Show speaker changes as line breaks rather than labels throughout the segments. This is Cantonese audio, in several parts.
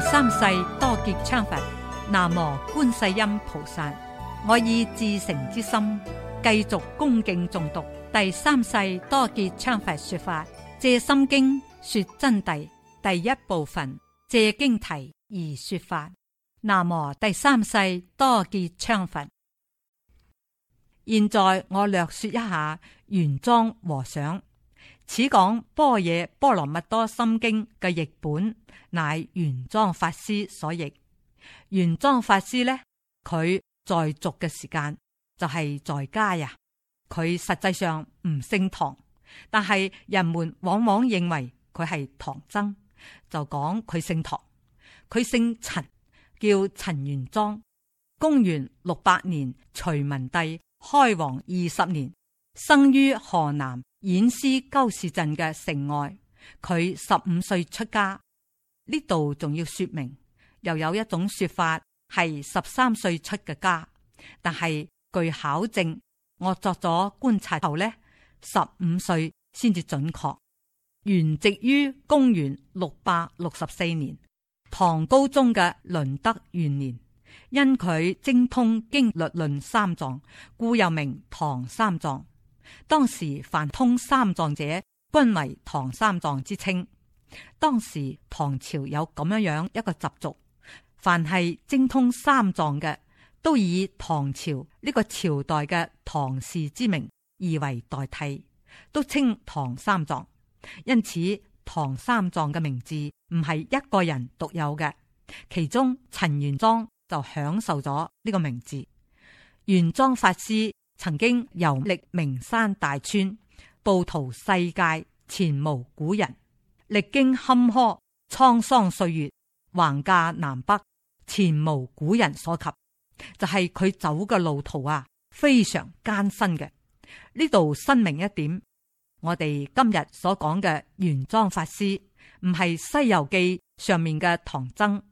第三世多杰羌佛，南無觀世音菩薩。我以至誠之心，繼續恭敬誦讀第三世多杰羌佛說法《藉心經》說真諦第一部分《藉經題》而說法。南無第三世多杰羌佛。現在我略說一下玄奘和尚。此講《般若波羅蜜多心經》嘅譯本，乃玄奘法師所譯。玄奘法師呢，佢在俗嘅時間就係、是、在家呀。佢實際上唔姓唐，但係人們往往認為佢係唐僧，就講佢姓唐。佢姓陳，叫陳玄奘。公元六百年，隋文帝開皇二十年。生於河南偃師缑氏鎮嘅城外，佢十五歲出家。呢度仲要說明，又有一種說法係十三歲出嘅家，但係據考證，我作咗觀察後咧，十五歲先至準確。原籍於公元六百六十四年唐高宗嘅麟德元年，因佢精通經律論三藏，故又名唐三藏。當時凡通三藏者，均為唐三藏之稱。當時唐朝有咁樣樣一個習俗，凡係精通三藏嘅，都以唐朝呢個朝代嘅唐氏之名而為代替，都稱唐三藏。因此，唐三藏嘅名字唔係一個人獨有嘅，其中陳玄奘就享受咗呢個名字。玄奘法師。曾經遊歷名山大川，步途世界，前無古人；歷經坎坷滄桑歲月，橫駕南北，前無古人所及。就係、是、佢走嘅路途啊，非常艱辛嘅。呢度申明一點，我哋今日所講嘅玄奘法師唔係《西遊記》上面嘅唐僧，《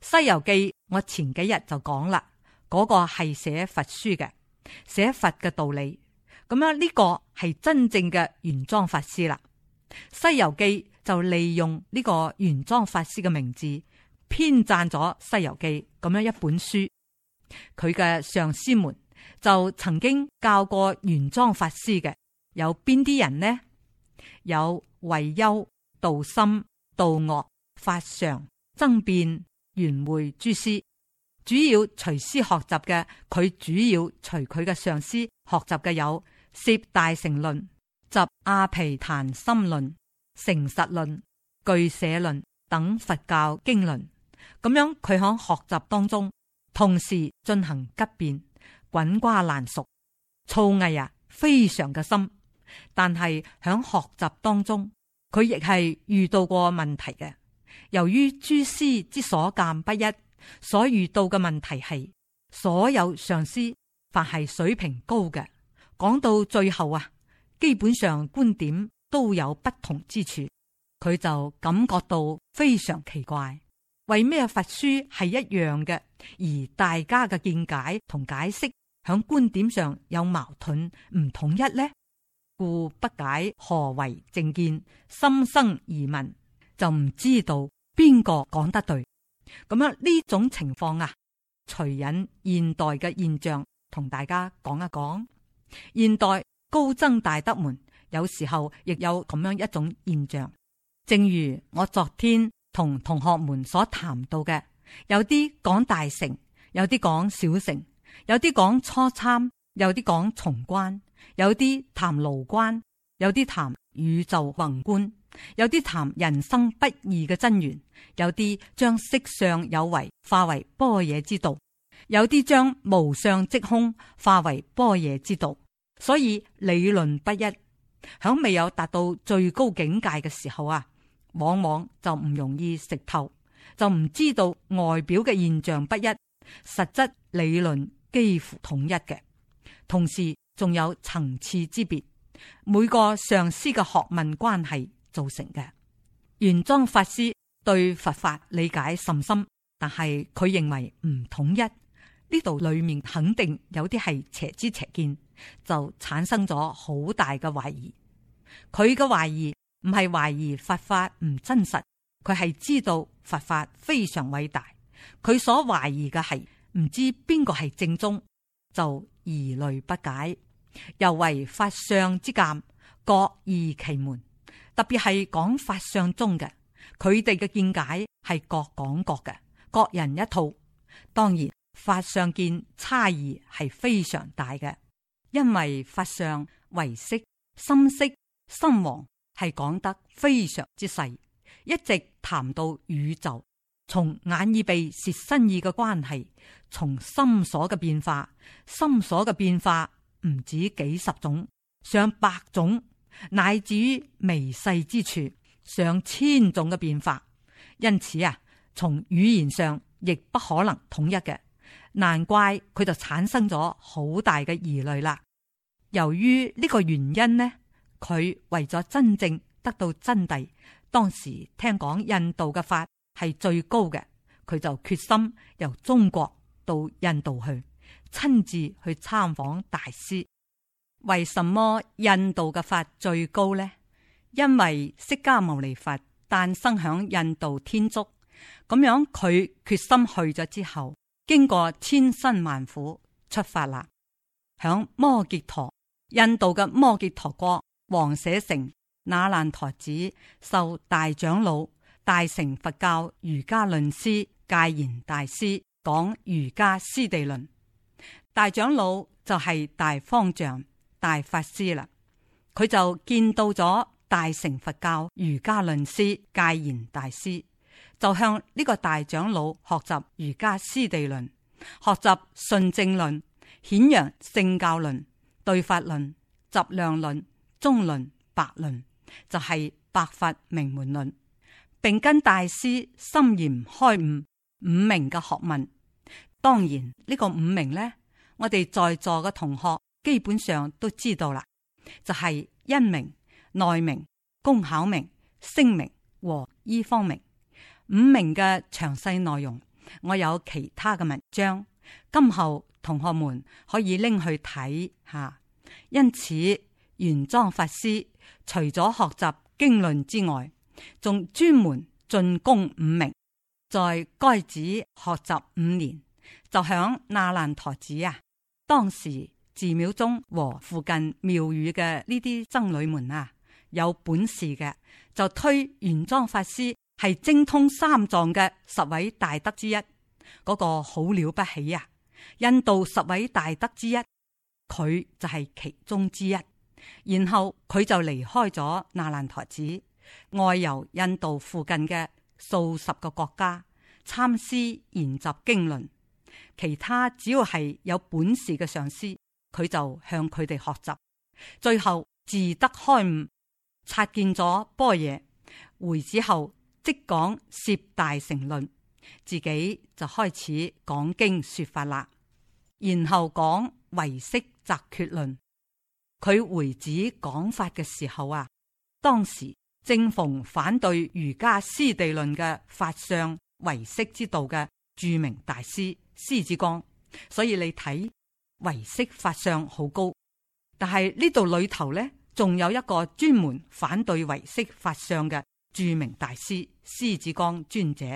西遊記》我前幾日就講啦，嗰、那個係寫佛書嘅。寫佛嘅道理，咁樣呢、這個係真正嘅原裝法師啦。西遊記就利用呢個原裝法師嘅名字，編撰咗西遊記咁樣一本書。佢嘅上師們就曾經教過原裝法師嘅，有邊啲人呢？有慧休、道心、道惡、法常、爭辯、玄會諸師、諸師。主要隨師學習嘅，佢主要隨佢嘅上師學習嘅有《攝大乘論》《集阿皮曇心論》《成實論》《俱舍論》等佛教經論。咁樣佢響學習當中，同時進行急變、滾瓜爛熟、造詣啊非常嘅深。但係響學習當中，佢亦係遇到過問題嘅，由於諸師之所見不一。所遇到嘅問題係，所有上師凡係水平高嘅，講到最後啊，基本上觀點都有不同之處，佢就感覺到非常奇怪，為咩佛書係一樣嘅，而大家嘅見解同解釋響觀點上有矛盾唔統一呢？故不解何為正見，心生疑問，就唔知道邊個講得對。咁樣呢種情況啊，隨引現代嘅現象，同大家講一講。現代高僧大德們有時候亦有咁樣一種現象，正如我昨天同同學們所談到嘅，有啲講大乘，有啲講小乘，有啲講初參，有啲講重關，有啲談牢關，有啲談宇宙宏觀。有啲談人生不易嘅真源，有啲將色相有為化為般若之道，有啲將無相即空化為般若之道，所以理論不一。響未有達到最高境界嘅時候啊，往往就唔容易食透，就唔知道外表嘅現象不一，實質理論幾乎統一嘅。同時仲有層次之別，每個上師嘅學問關係。造成嘅。玄奘法師對佛法理解甚深，但係佢認為唔統一呢度裏面肯定有啲係邪知邪見，就產生咗好大嘅懷疑。佢嘅懷疑唔係懷疑佛法唔真實，佢係知道佛法非常偉大，佢所懷疑嘅係唔知邊個係正宗，就疑慮不解。又為法相之鑒，各異其門。特別係講法相宗嘅，佢哋嘅見解係各講各嘅，各人一套。當然，法相見差異係非常大嘅，因為法相唯識、心識、心王係講得非常之細，一直談到宇宙，從眼耳鼻舌身意嘅關係，從心所嘅變化，心所嘅變化唔止幾十種，上百種。乃至於微細之處，上千種嘅變化，因此啊，從語言上亦不可能統一嘅，難怪佢就產生咗好大嘅疑慮啦。由於呢個原因呢，佢為咗真正得到真諦，當時聽講印度嘅法係最高嘅，佢就決心由中國到印度去，親自去參訪大師。為什麼印度嘅法最高呢？因為釋迦牟尼佛誕生響印度天竺，咁樣佢決心去咗之後，經過千辛萬苦出發啦，響摩揭陀印度嘅摩揭陀國王舍城那爛陀寺，受大長老大乘佛教瑜伽論師戒賢大師講瑜伽師地論，大長老就係大方丈。大法師啦，佢就見到咗大乘佛教瑜伽論師戒賢大師，就向呢個大長老學習瑜伽師地論、學習信正論、顯揚聖教論、對法論、集量論、中論、百論，就係百法明門論，並跟大師深研開悟五明嘅學問。當然呢、呢個五明呢，我哋在座嘅同學。基本上都知道啦，就係因明、內明、工巧明、聲明和醫方明。五明嘅詳細內容，我有其他嘅文章，今後同學們可以拎去睇下。因此，玄奘法師除咗學習經論之外，仲專門進攻五明。在該寺學習五年，就響那爛陀寺啊，當時。寺廟中和附近廟宇嘅呢啲僧侶們啊，有本事嘅就推玄奘法師係精通三藏嘅十位大德之一嗰，那個好了不起啊！印度十位大德之一，佢就係其中之一。然後佢就離開咗那爛陀寺，外遊印度附近嘅數十個國家參師研習經論，其他只要係有本事嘅上師。佢就向佢哋學習，最後自得開悟，徹見咗般若。回子後即講攝大乘論，自己就開始講經說法啦。然後講唯識擇決論。佢回子講法嘅時候啊，當時正逢反對瑜伽師地論嘅法相唯識之道嘅著名大師師子光，所以你睇。唯識法相好高，但係呢度裏頭呢，仲有一個專門反對唯識法相嘅著名大師獅子江尊者，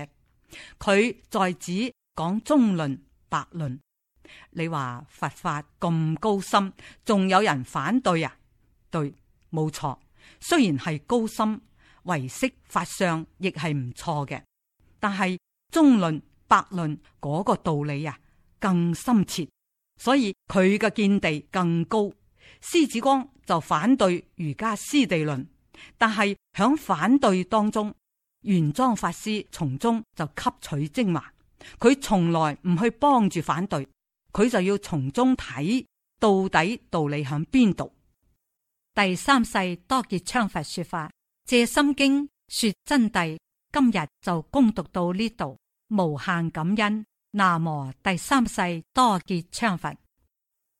佢在此講中論、百論。你話佛法咁高深，仲有人反對呀、啊？對，冇錯。雖然係高深，唯識法相亦係唔錯嘅，但係中論、百論嗰個道理呀、啊，更深切。所以佢嘅見地更高，師子光就反對儒家師地論，但係響反對當中，玄奘法師從中就吸取精華。佢從來唔去幫住反對，佢就要從中睇到底道理響邊度。第三世多杰羌佛說法《藉心經》說真諦，今日就恭讀到呢度，無限感恩。南無第三世多杰羌佛。